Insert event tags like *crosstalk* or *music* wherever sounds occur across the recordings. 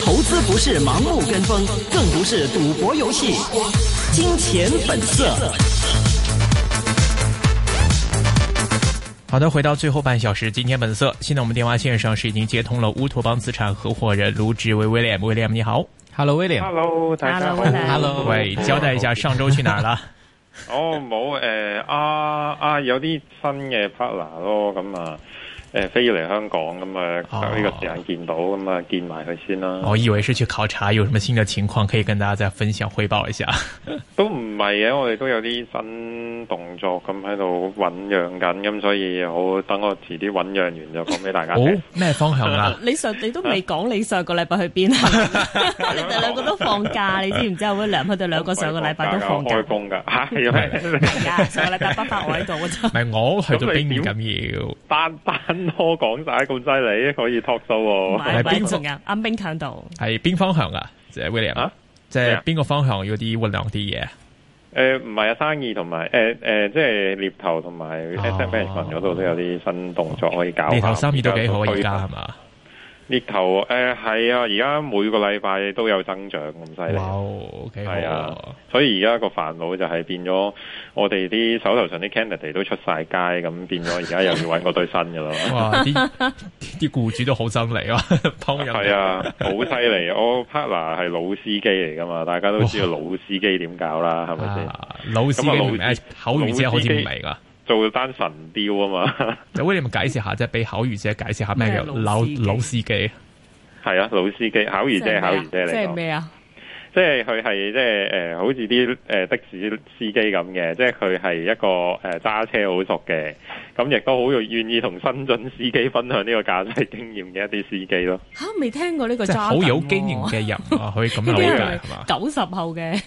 投資不是盲目跟風，更不是賭博遊戲。金錢本色。好的，回到最後半小時，今天本色。現在我們電話線上是已經接通了烏托邦資產合夥人盧志威威廉，威廉你好，Hello 威廉，Hello 大家好，Hello 喂，交代一下上周去哪了？哦冇誒，啊啊，啊有啲新嘅 partner 咯，咁、嗯、啊。誒，飛嚟香港咁誒，喺、嗯、呢、哦、個時間見到咁誒、嗯，見埋佢先啦。我以為是去考察，有什麼新嘅情況可以跟大家再分享匯報一下。 *laughs* 都唔係嘅，我哋都有啲新動作咁喺度醞釀緊，咁、嗯、所以好等我遲啲醞釀完就講俾大家聽。咩、哦、方向啦、啊？ *laughs* 你上你都未講你上個禮拜去邊啊？ *laughs* 你哋兩個都放假，你知唔知啊？梁佢哋兩個上個禮拜都放假開工噶吓，又係放假。拜咧打我喺度，係 *laughs* 我去做要班班。多講晒咁犀利，可以 talk show 喎。係邊度啊？暗兵強度係邊方向啊？就係 William 啊，即係邊個方向要啲溫量啲嘢，誒，唔係啊，生意同埋誒誒，即係獵頭同埋 asset management 嗰度都有啲新動作可以搞。獵頭生意都幾可以加啊嘛。獵頭誒，係啊！而、呃、家每個禮拜都有增長，咁犀利，哦，OK，係啊！所以而家個煩惱就係變咗，我哋啲手頭上啲 candidate 都出晒街，咁變咗而家又要揾嗰對新嘅咯。哇！啲啲僱主都好犀利啊，當人係啊，好犀利！我 partner 係老司機嚟噶嘛，大家都知道老司機點搞啦，係咪先？老司機明明口語好甜美啊！老司機老司機做單神雕啊嘛！ *laughs* 有位你咪解釋下啫，俾考語者解釋下咩叫老老司機？係啊，老司機，考語者，考語者嚟啊？即係佢係即係誒，好似啲誒的士司機咁嘅，即係佢係一個誒揸、呃、車好熟嘅，咁亦都好願意同新進司機分享呢個駕駛經驗嘅一啲司機咯。吓，未聽過呢個揸好有經驗嘅人、啊，可以咁樣理解係嘛？九十後嘅。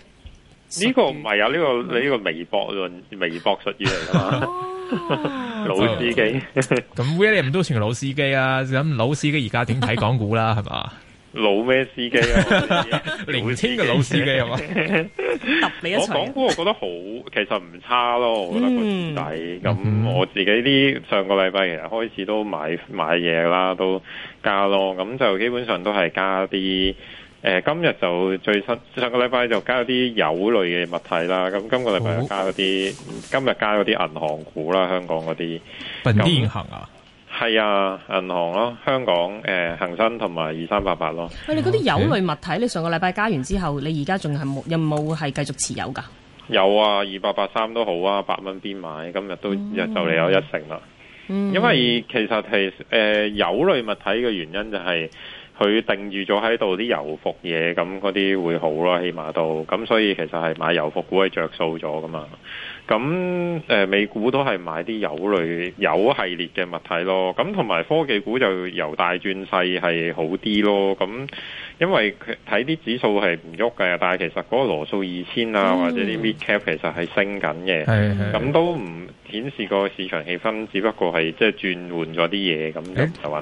呢、這個唔係啊，呢、這個你呢、這個微博論微博術語嚟噶嘛？ *laughs* 老司機咁 William 都算個老司機啊！咁 *laughs* *laughs* 老司機而家點睇港股啦？係嘛？老咩司機啊？年青嘅老司機係嘛？我講股我覺得好，其實唔差咯。我覺得個嗯，底咁我自己啲上個禮拜其實開始都買買嘢啦，都加咯。咁就基本上都係加啲。誒、呃，今日就最新上個禮拜就加咗啲油類嘅物體啦，咁今個禮拜又加咗啲，哦、今日加咗啲銀行股啦，香港嗰啲，邊啲銀行啊？係啊，銀行咯，香港誒，恆、呃、生同埋二三八八咯。喂、啊，你嗰啲油類物體，你上個禮拜加完之後，你而家仲係冇有冇係繼續持有噶有啊，二八八三都好啊，八蚊邊買？今日都一就你有一成啦。因為其實係誒、呃、油類物體嘅原因就係、是。佢定住咗喺度啲油服嘢，咁嗰啲會好咯，起碼都咁，所以其實係買油服股係着數咗噶嘛。咁誒、呃，美股都係買啲油類、油系列嘅物體咯。咁同埋科技股就由大轉細係好啲咯。咁因為睇啲指數係唔喐嘅，但係其實嗰個羅素二千啊，mm. 或者啲 mid cap 其實係升緊嘅，咁、mm. 都唔。顯示個市場氣氛，只不過係即係轉換咗啲嘢咁。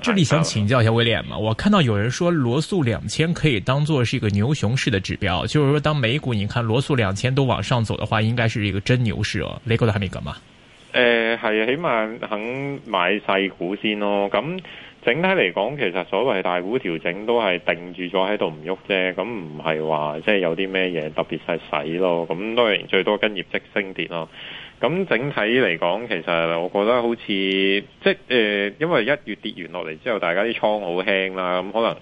即係你、欸、想請教一下威廉嘛，我看到有人說羅素兩千可以當做是一個牛熊市嘅指標，就是說當美股，你看羅素兩千都往上走的話，應該是一個真牛市哦。Legal 有睇呢個嗎？誒、呃，係起碼肯買細股先咯。咁、嗯、整體嚟講，其實所謂大股調整都係定住咗喺度唔喐啫。咁唔係話即係有啲咩嘢特別細細咯。咁當然最多跟業績升跌咯。咁整體嚟講，其實我覺得好似即係誒、呃，因為一月跌完落嚟之後，大家啲倉好輕啦，咁可能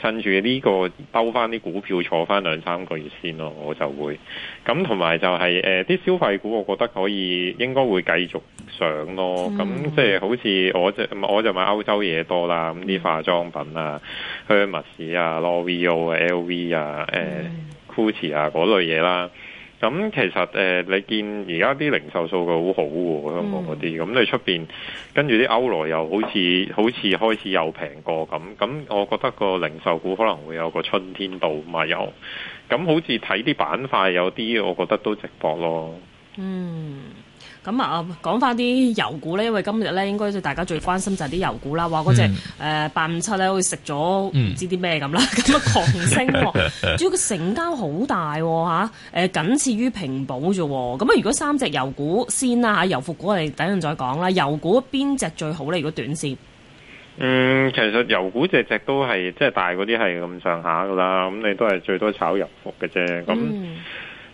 趁住呢、這個兜翻啲股票，坐翻兩三個月先咯，我就會。咁同埋就係誒啲消費股，我覺得可以應該會繼續上咯。咁、嗯、即係好似我，我就我就買歐洲嘢多啦，咁啲化妝品啊、Hermes 啊、Loewe、LV 啊、誒、啊、呃嗯、Gucci 啊嗰類嘢啦。咁其實誒、呃，你見而家啲零售數據好好、啊、喎，香港嗰啲，咁、嗯、你出邊跟住啲歐羅又好似、啊、好似開始又平過咁，咁我覺得個零售股可能會有個春天到咪有，咁好似睇啲板塊有啲，我覺得都值博咯。嗯，咁啊，講翻啲油股咧，因為今日咧，應該大家最關心就係啲油股啦。話嗰隻誒八五七咧，好似食咗唔知啲咩咁啦，咁啊、嗯、狂升，主要佢成交好大吓、哦，誒、啊，僅次於平保啫。咁啊，如果三隻油股先啦吓，油服股我哋等陣再講啦。油股邊隻最好咧？如果短綫？嗯，其實油股隻隻都係即係大嗰啲係咁上下噶啦，咁你都係最多炒油服嘅啫，咁。嗯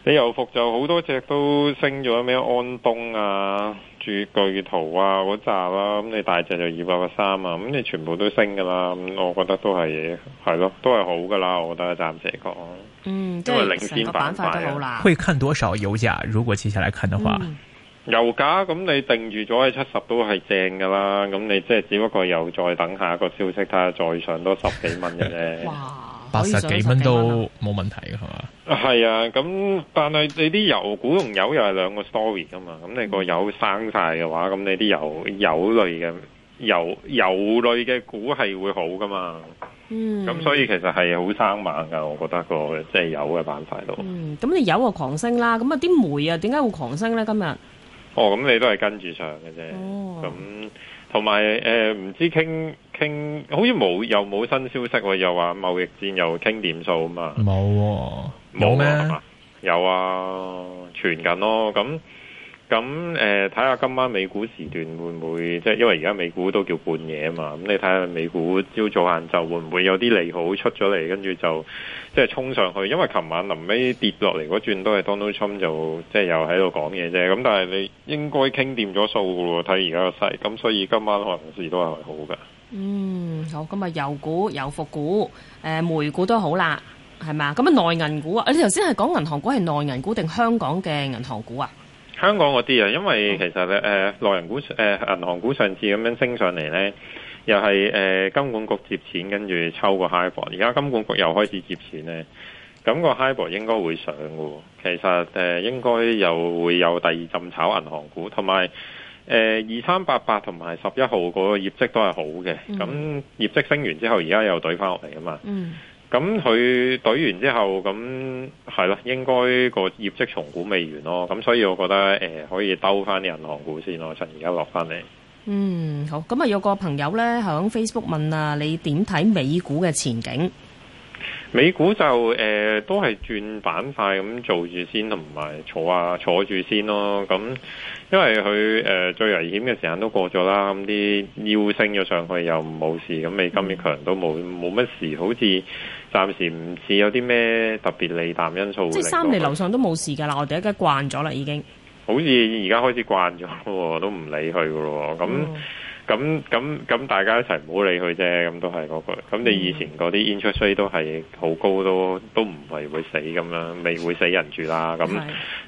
你油服就好多隻都升咗，咩安東啊、鑄巨濤啊嗰扎啦，咁你大隻就二百八三啊，咁、那、你、個啊那個、全部都升噶啦，我覺得都係係咯，都係好噶啦，我覺得暫時嚟講，嗯，都係領先板塊啦。會看多少油價？如果接下嚟看的話，嗯、油價咁你定住咗喺七十都係正噶啦，咁你即係只不過又再等一下一個消息，睇下再上多十幾蚊嘅啫。 *laughs* 哇十幾蚊都冇問題嘅係、啊、嘛？係啊，咁但係你啲油，嗯、油，油，油股同油又係兩個 story 噶嘛？咁你個油升晒嘅話，咁你啲油油類嘅油油類嘅股係會好噶嘛？嗯，咁所以其實係好生猛噶，我覺得個即係、就是、油嘅板塊度。嗯，咁你油啊狂升啦，咁啊啲煤啊點解會狂升咧？今日？哦，咁你都係跟住上嘅啫。哦，咁同埋誒，唔、呃、知傾。傾好似冇，又冇新消息喎。又話貿易戰又傾掂數嘛？冇冇咩？麼有啊，傳緊咯。咁咁誒，睇下、呃、今晚美股時段會唔會即係？因為而家美股都叫半夜啊嘛。咁你睇下美股朝早晏晝會唔會有啲利好出咗嚟，跟住就即係衝上去。因為琴晚臨尾跌落嚟嗰轉都係 Donald Trump 就即係又喺度講嘢啫。咁但係你應該傾掂咗數噶喎。睇而家個勢咁，所以今晚可能市都係好噶。嗯，好，咁啊，油股、有油股、誒、呃，美股都好啦，係嘛，咁啊，內銀股啊，你頭先係講銀行股係內銀股定香港嘅銀行股啊？香港嗰啲啊，因為其實咧，誒、呃，內銀股、誒、呃，銀行股上次咁樣升上嚟咧，又係誒、呃，金管局接錢跟住抽個 HIBOR，而家金管局又開始接錢咧，咁、那個 HIBOR 應該會上噶，其實誒、呃，應該又會有第二浸炒銀行股，同埋。誒，二三八八同埋十一號個業績都係好嘅，咁、嗯、業績升完之後，而家又懟翻落嚟啊嘛。咁佢懟完之後，咁係咯，應該個業績重估未完咯。咁所以我覺得誒、呃，可以兜翻啲銀行股先咯，趁而家落翻嚟。嗯，好。咁啊，有個朋友咧喺 Facebook 問啊，你點睇美股嘅前景？美股就誒、呃、都係轉板塊咁做住先，同埋坐啊坐住先咯。咁因為佢誒、呃、最危險嘅時間都過咗啦，咁啲腰升咗上去又冇事，咁美金越強都冇冇乜事，好似暫時唔似有啲咩特別利淡因素。即係三厘樓上都冇事㗎啦，我哋而家慣咗啦，已經了了。好似而家開始慣咗，都唔理佢㗎咯，咁、嗯。咁咁咁大家一齊唔好理佢啫，咁都係嗰、句。咁你以前嗰啲 interest rate 都係好高都都唔係會死咁啦，未會死人住啦。咁的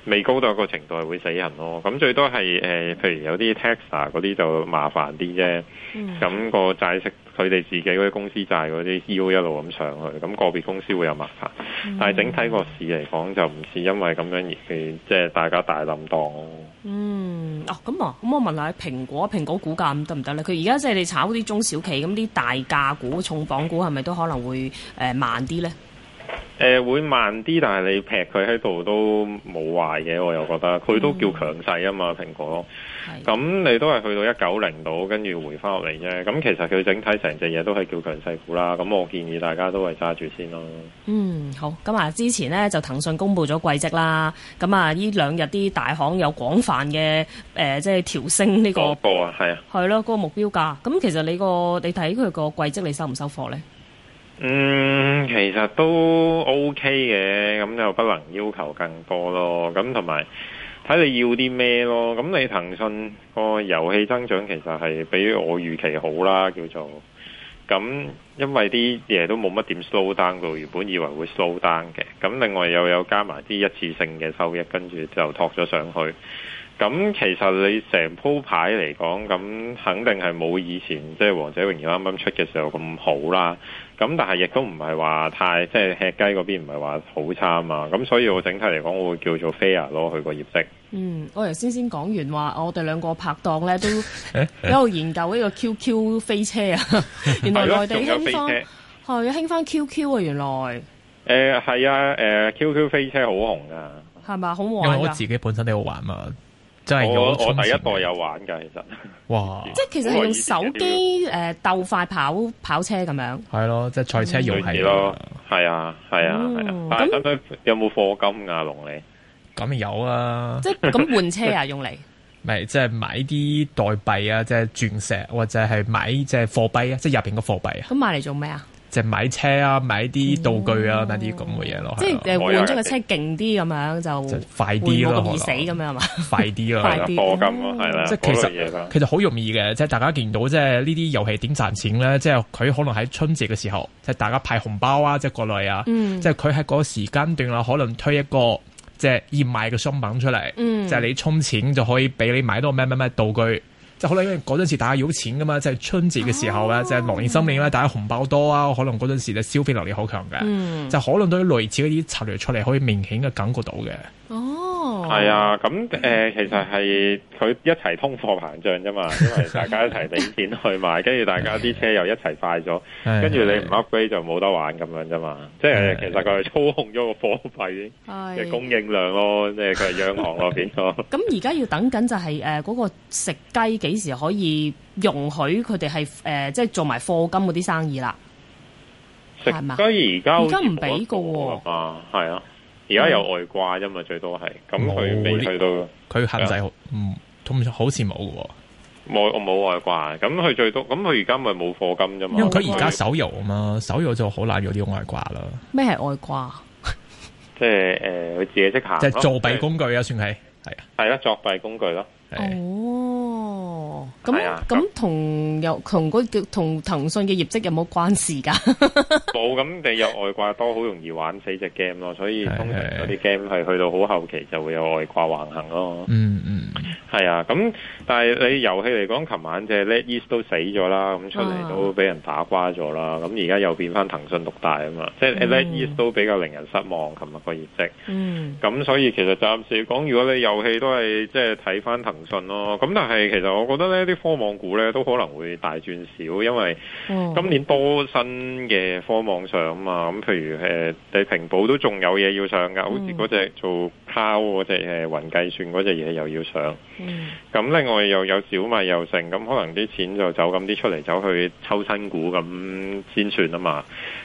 未高到一個程度係會死人咯。咁最多係誒、呃，譬如有啲 taxer 嗰啲就麻煩啲啫。咁、嗯、個債息佢哋自己嗰啲公司債嗰啲腰一路咁上去，咁、那個別公司會有麻煩，嗯、但係整體個市嚟講就唔似因為咁樣而即係大家大冧檔。嗯。哦，咁啊，咁我問下喺蘋果，蘋果股價得唔得咧？佢而家即係你炒啲中小企，咁啲大價股、重磅股係咪都可能會誒、呃、慢啲咧？誒、呃，會慢啲，但係你劈佢喺度都冇壞嘅，我又覺得佢都叫強勢啊嘛，蘋、嗯、果。咁、嗯、你都係去到一九零度，跟住回翻落嚟啫。咁其實佢整體成隻嘢都係叫強勢股啦。咁我建議大家都係揸住先咯。嗯，好。咁啊，之前咧就騰訊公佈咗季績啦。咁、嗯、啊，呢兩日啲大行有廣泛嘅誒，即、呃、係、就是、調升呢、這個。公佈啊，係啊。係咯，嗰、那個目標價。咁其實你個你睇佢個季績，你，你收唔收貨咧？嗯，其實都 OK 嘅，咁又不能要求更多咯。咁同埋睇你要啲咩咯。咁、嗯、你騰訊個遊戲增長其實係比我預期好啦，叫做。咁、嗯、因為啲嘢都冇乜點 slow down，原本以為會 slow down 嘅。咁、嗯、另外又有加埋啲一,一次性嘅收益，跟住就托咗上去。咁、嗯、其實你成鋪牌嚟講，咁、嗯、肯定係冇以前即係王者榮耀啱啱出嘅時候咁好啦。咁但係亦都唔係話太即係吃雞嗰邊唔係話好差啊嘛，咁所以我整體嚟講，我會叫做 fair 咯佢個業績。嗯，我頭先先講完話，我哋兩個拍檔咧都喺度研究呢個 QQ 飛車啊，欸、 *laughs* 原來內地興翻，係興翻 QQ 啊，原來。誒係、欸、啊，誒、呃、QQ 飛車好紅㗎，係咪？好玩啊，我自己本身都好玩嘛。真係我我第一代有玩噶，其實哇！即係其實係用手機誒鬥快跑，跑車咁樣，係咯，即係賽車遊戲咯，係啊、嗯，係啊，係啊。嗯、但有冇課金啊？亞龍你，咁有啊，即係咁換車啊？ *laughs* 用嚟咪即係買啲代幣啊，即係鑽石或者係買即係貨幣啊，即係入邊個貨幣啊？咁買嚟做咩啊？即係買車啊，買啲道具啊，買啲咁嘅嘢。咯即係換咗個車勁啲咁樣就快啲咯，容易死咁樣係嘛？快啲啦，課金咯，係啦。即係其實其實好容易嘅，即係大家見到即係呢啲遊戲點賺錢咧，即係佢可能喺春節嘅時候，即係大家派紅包啊，即係國內啊，即係佢喺嗰個時間段啦，可能推一個即係熱賣嘅商品出嚟，就係你充錢就可以俾你買到咩咩咩道具。就可能因為嗰陣時大家有錢嘅嘛，就係、是、春節嘅時候咧，oh. 就係農曆新年咧，大家紅包多啊，可能嗰陣時咧消費能力好強嘅，mm. 就可能對於類似嗰啲策略出嚟，可以明顯嘅感覺到嘅。哦，係啊、oh. 哎，咁、嗯、誒，其實係佢一齊通貨膨脹啫嘛，因為大家一齊搵錢去買，跟住大家啲車又一齊快咗，跟住 *laughs* 是的 你唔 upgrade 就冇得玩咁樣啫嘛。即係其實佢係操控咗個貨幣嘅供應量咯，即係佢係央行啊、 *laughs* 嗯，邊咯。咁而家要等緊就係誒嗰個食雞幾時可以容許佢哋係誒即係做埋課金嗰啲生意啦？吧食雞而家而家唔俾嘅喎，係啊，啊。而家有外掛啫嘛，最多係咁，佢未去到，佢限制好唔，同好似冇嘅。我我冇外掛，咁佢最多，咁佢而家咪冇課金啫嘛。因為佢而家手遊啊嘛，手遊就好難有啲外掛啦。咩係外掛？即係誒，佢自己識行。即係作弊工具啊，算係係啊，係啦，作弊工具咯。咁咁同又同嗰同騰訊嘅業績有冇關事噶？冇，咁你有外掛多，好容易玩死隻 game 咯。所以通常有啲 game 係去到好後期就會有外掛橫行咯。嗯嗯，係、嗯、啊。咁、嗯、但係你遊戲嚟講，琴晚即係 NetEase 都死咗啦，咁出嚟都俾人打瓜咗啦。咁而家又變翻騰訊獨大啊嘛。即係 NetEase 都比較令人失望，琴日個業績。嗯。咁所以其實暫時講，如果你遊戲都係即係睇翻騰訊咯。咁但係其實我覺得咧。一啲科網股咧都可能會大轉小，因為今年多新嘅科網上啊嘛，咁譬如誒、呃，地平保都仲有嘢要上噶，好似嗰隻做 cloud 嗰隻誒雲計算嗰隻嘢又要上，咁、嗯、另外又有小米又成，咁可能啲錢就走咁啲出嚟走去抽新股咁先算啊嘛，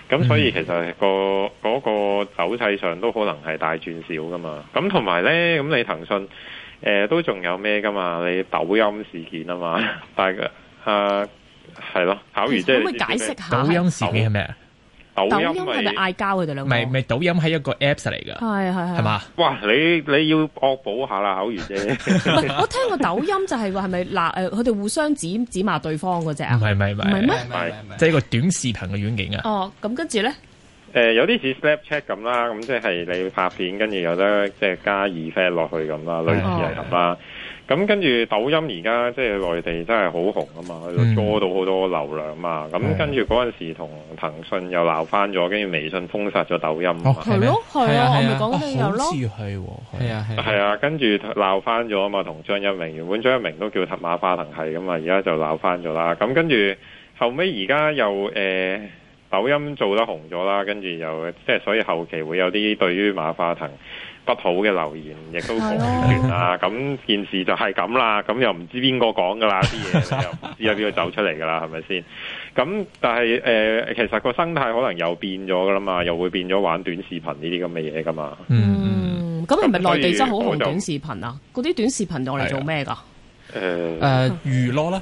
咁所以其實、嗰個嗰、嗰個走勢上都可能係大轉小噶嘛，咁同埋咧，咁你騰訊。誒、呃，都仲有咩噶嘛？你抖音事件啊嘛，但係嘅誒係咯，巧如姐可唔可以解釋下，抖音事件係咩啊？抖音係咪嗌交嘅？佢哋兩個唔係唔係抖音係一個 apps 嚟噶，係係係嘛？哇！你你要惡補下啦，巧如姐。 *laughs* *laughs* 我聽過抖音就係話係咪嗱誒，佢哋互相指指罵對方嗰隻啊？唔係唔係唔係咩？即係一個短視頻嘅軟件啊？ *laughs* 哦，咁跟住咧。誒、呃、有啲似 Snapchat 咁啦，咁即係你拍片，跟住有得即係加二發落去咁啦，類似係咁啦。咁跟住抖音而家即係內地真係好紅啊嘛，佢就多到好多流量嘛。咁跟住嗰陣時同騰訊又鬧翻咗，跟住微信封殺咗抖音。哦、啊，係咯，係啊，啊，我咪講緊有咯。好似係，係啊，係啊，跟住鬧翻咗啊嘛，同張一鳴原本張一鳴都叫塔馬化騰係噶嘛，而家就鬧翻咗啦。咁跟住後尾而家又誒。呃抖音做得紅咗啦，跟住又即係，所以後期會有啲對於馬化騰不好的留言，亦都講完啦。咁的件事就係咁啦，咁又唔知邊個講噶啦啲嘢， *laughs* 又唔知有邊個走出嚟噶啦，係咪先？咁但係誒、呃，其實個生態可能又變咗噶啦嘛，又會變咗玩短視頻呢啲咁嘅嘢噶嘛。嗯，咁係咪內地真好紅短視頻啊？嗰啲短視頻用嚟做咩噶？誒以，娛樂啦。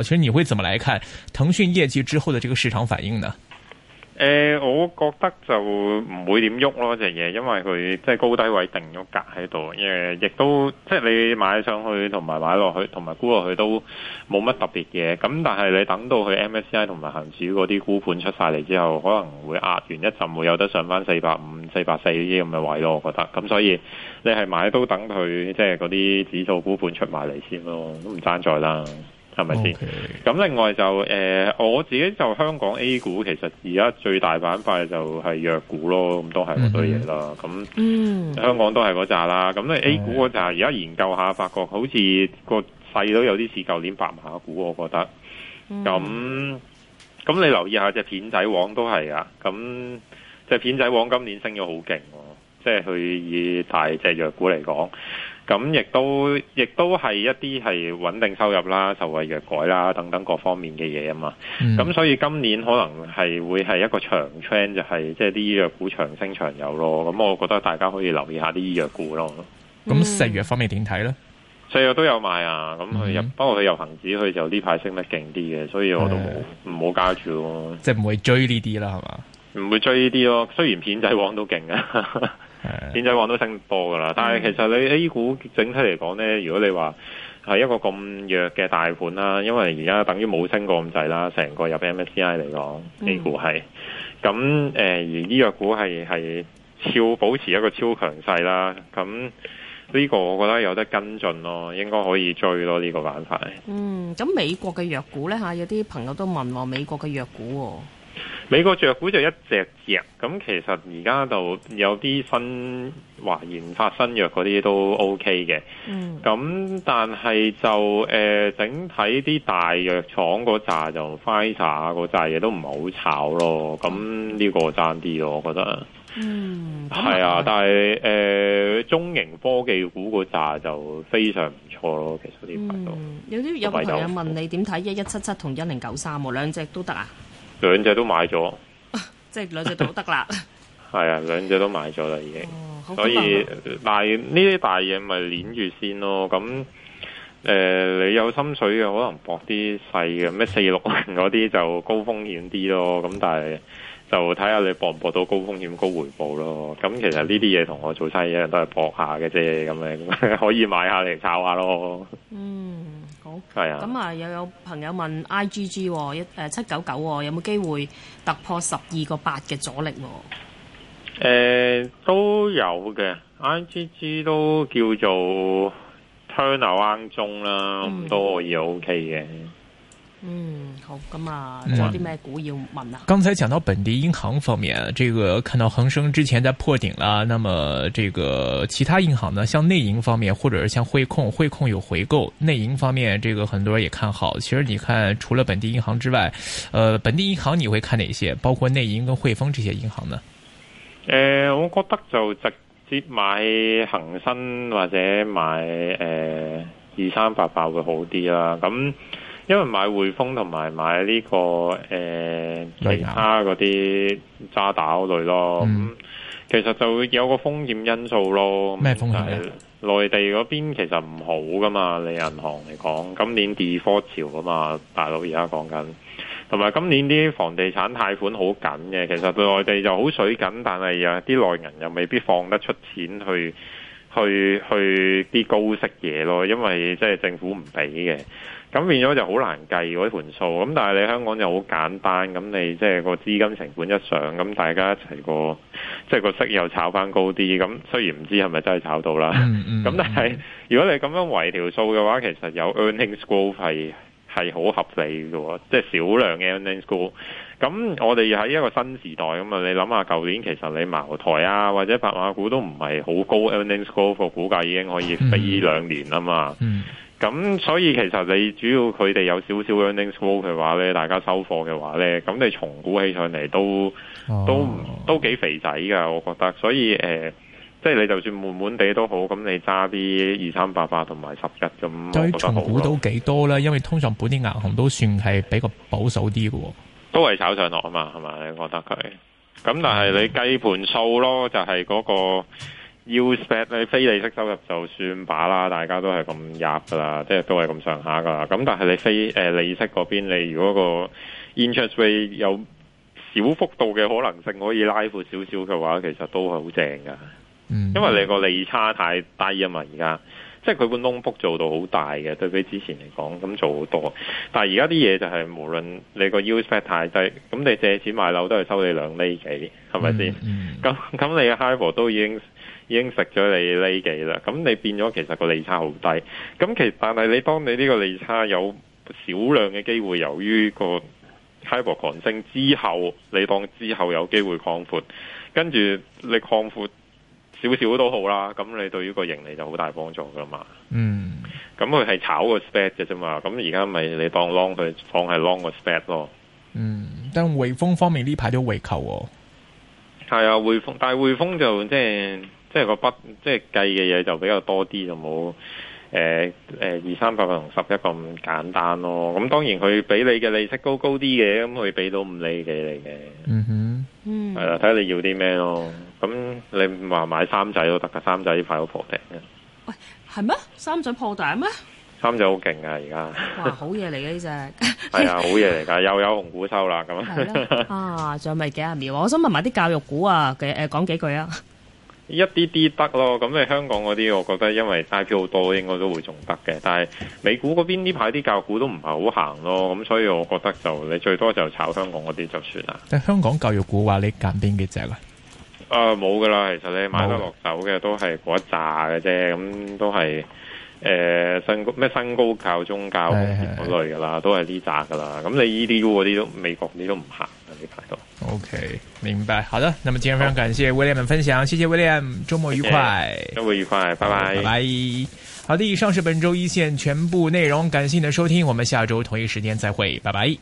其實你會怎麼來看騰訊業績之後的這個市場反應呢？誒、呃，我覺得就唔會點喐咯，隻嘢，因為佢即係高低位定咗格喺度，誒、呃，亦都即係你買上去同埋買落去同埋沽落去都冇乜特別嘅，咁但係你等到佢 MSCI 同埋恒指嗰啲沽盤出晒嚟之後，可能會壓完一陣，會有得上翻四百五、四百四呢啲咁嘅位咯，我覺得，咁所以你係買都等佢即係嗰啲指數沽盤出埋嚟先咯，都唔爭在啦。.係咪先？咁 Okay. 另外就誒、呃，我自己就香港 A 股，其實而家最大板塊就係藥股咯，咁都係好多嘢啦。咁、mm hmm. 香港都係嗰扎啦。咁你、mm hmm. A 股嗰紮而家研究下，發覺好似個細都有啲似舊年白馬股，我覺得。咁咁、mm hmm. 你留意下隻片仔癀都係啊！咁隻片仔癀今年升咗好勁喎，即係佢以大隻藥股嚟講。咁亦都亦都係一啲係穩定收入啦、受惠藥改啦等等各方面嘅嘢啊嘛。咁、嗯、所以今年可能係會係一個長 trend 就係即係啲醫藥股長升長有咯。咁我覺得大家可以留意下啲醫藥股咯。咁食藥方面點睇咧？食藥都有買啊。咁佢入，不過佢入行指，佢就呢排升得勁啲嘅，所以我都冇唔好加住咯。即係唔會追呢啲啦，係嘛？唔會追呢啲咯。雖然片仔癀都勁嘅啊。 *laughs* 片仔癀都升多噶啦，但係其實你 A 股整體嚟講呢，如果你話係一個咁弱嘅大盤啦，因為而家等於冇升過咁滯啦，成個入 M S C I 嚟講 A 股係，咁誒、呃、而醫藥股係係超保持一個超強勢啦，咁呢個我覺得有得跟進咯，應該可以追咯呢、這個板塊。嗯，咁美國嘅藥股呢，吓，有啲朋友都問我美國嘅藥股、哦。美國藥股就一隻藥，咁其實而家就有啲新華研發新藥嗰啲都 O K 嘅。嗯。咁但係就誒、呃、整體啲大藥廠嗰扎就 Pfizer 嗰扎嘢，都唔係好炒咯。咁呢個爭啲咯，我覺得。嗯。係啊，但係誒、呃、中型科技股嗰扎就非常唔錯咯。其實呢排都、嗯、有啲有朋友問你點睇一一七七同一零九三，兩隻都得啊？兩隻都買咗， *laughs* 即係兩隻都得啦。係啊，兩隻都買咗啦，已經、哦。所以但、嗯、大呢啲大嘢咪捻住先咯。咁誒、呃，你有心水嘅可能搏啲細嘅，咩四六嗰啲就高風險啲咯。咁但係就睇下你搏唔搏到高風險高回報咯。咁其實呢啲嘢同我做生意一樣都一，都係搏下嘅啫。咁樣可以買下嚟炒下咯。嗯。係啊，咁啊又有朋友問 IGG、哦、一七九九有冇機會突破十二個八嘅阻力喎、哦呃？都有嘅，IGG 都叫做 turnaround 中啦，咁、嗯、都可以 OK 嘅。嗯，好咁啊，仲有啲咩股要問啊、嗯？剛才講到本地銀行方面，這個看到恒生之前在破頂啦。那麼這個其他銀行呢？像內銀方面，或者是像匯控，匯控有回購，內銀方面，這個很多人也看好。其實你看，除了本地銀行之外，呃，本地銀行你會看哪些？包括內銀跟匯豐這些銀行呢？誒、呃，我覺得就直接買恒生或者買誒、呃、二三八八會好啲啦。咁、嗯。因為買匯豐同埋買呢、這個誒、呃、其他嗰啲渣打嗰類咯，咁、嗯、其實就會有個風險因素咯。咩風險咧？內地嗰邊其實唔好噶嘛，你銀行嚟講，今年 default 潮啊嘛，大陸而家講緊，同埋今年啲房地產貸款好緊嘅，其實對內地就好水緊，但係有啲內銀又未必放得出錢去去去啲高息嘢咯，因為即係政府唔俾嘅。咁變咗就好難計嗰盤數，咁但係你香港就好簡單，咁你即係、就是、個資金成本一上，咁大家一齊、就是、個即係個息又炒返高啲，咁雖然唔知係咪真係炒到啦，咁、嗯嗯、但係如果你咁樣維條數嘅話，其實有 earnings growth 係係好合理嘅喎，即係少量嘅 earnings growth。咁我哋喺一個新時代咁啊，你諗下舊年其實你茅台啊或者白馬股都唔係好高、嗯、earnings growth，個股價已經可以飛兩年啦嘛。嗯嗯咁所以其實你主要佢哋有少少 earnings flow 嘅話咧，大家收貨嘅話咧，咁你重估起上嚟都都都幾肥仔㗎，我覺得。所以誒，即係你就算悶悶地都好，咁你揸啲二三八八同埋十一咁，對重估都幾多啦。因為通常本地銀行都算係比較保守啲嘅喎，都係炒上落啊嘛，係咪？我覺得佢？咁但係你計盤數咯，就係嗰個。嗯要息你非利息收入就算把啦，大家都係咁入噶啦，即係都係咁上下噶。咁但係你非誒、呃、利息嗰邊，你如果個 interest rate 有小幅度嘅可能性可以拉闊少少嘅話，其實都係好正噶。因為你個利差太低啊嘛，而家、mm hmm. 即係佢本通幅做到好大嘅，對比之前嚟講，咁做好多。但係而家啲嘢就係無論你個 US rate 太低，咁你借錢買樓都係收你兩厘幾，係咪先？咁咁、mm hmm. *laughs* 你嘅 highball 都已經。已經食咗你呢幾啦，咁你變咗其實個利差好低。咁其實但係你當你呢個利差有少量嘅機會，由於個 hyper 狂升之後，你當之後有機會擴闊，跟住你擴闊少少都好啦。咁你對於個盈利就好大幫助噶嘛。嗯，咁佢係炒個 spec 嘅啫嘛。咁而家咪你當 long 佢放係 long 個 spec 咯。嗯，但匯豐方面呢排都回購喎。係啊，匯豐但係匯豐就即係。即係個不，即係計嘅嘢就比較多啲，就冇誒誒二三百份同十一咁簡單咯。咁當然佢俾你嘅利息高高啲嘅，咁佢俾到五釐俾你嘅。嗯哼，嗯，係啦，睇你要啲咩咯。咁你話買三仔都得噶，三仔破頂。喂，係咩？三仔破頂咩？三仔好勁啊！而家哇，好嘢嚟嘅呢隻。係啊，好嘢嚟噶，又有紅股收啦咁啊！仲有咪幾廿秒？我想問埋啲教育股啊，嘅誒講幾句啊。一啲啲得咯，咁、嗯、你香港嗰啲，我覺得因為 IPO 好多，應該都會仲得嘅。但係美股嗰邊呢排啲教股都唔係好行咯，咁、嗯、所以我覺得就你最多就炒香港嗰啲就算啦。即係香港教育股話，你揀邊幾隻咧？誒，冇噶啦，其實你買得落手嘅都係嗰一紮嘅啫，咁、嗯、都係誒新咩新高，新高教中教嗰、哎哎哎、類噶啦，都係呢紮噶啦。咁、嗯、你呢啲嗰啲都美國你都唔行。OK, 明白，好的。那麼今天非常感謝威廉們分享，謝謝威廉。周末愉快，周末愉快，拜拜，拜拜。好的，以上是本周一線全部內容，感謝你的收聽，我們下周同一時間再會，拜拜。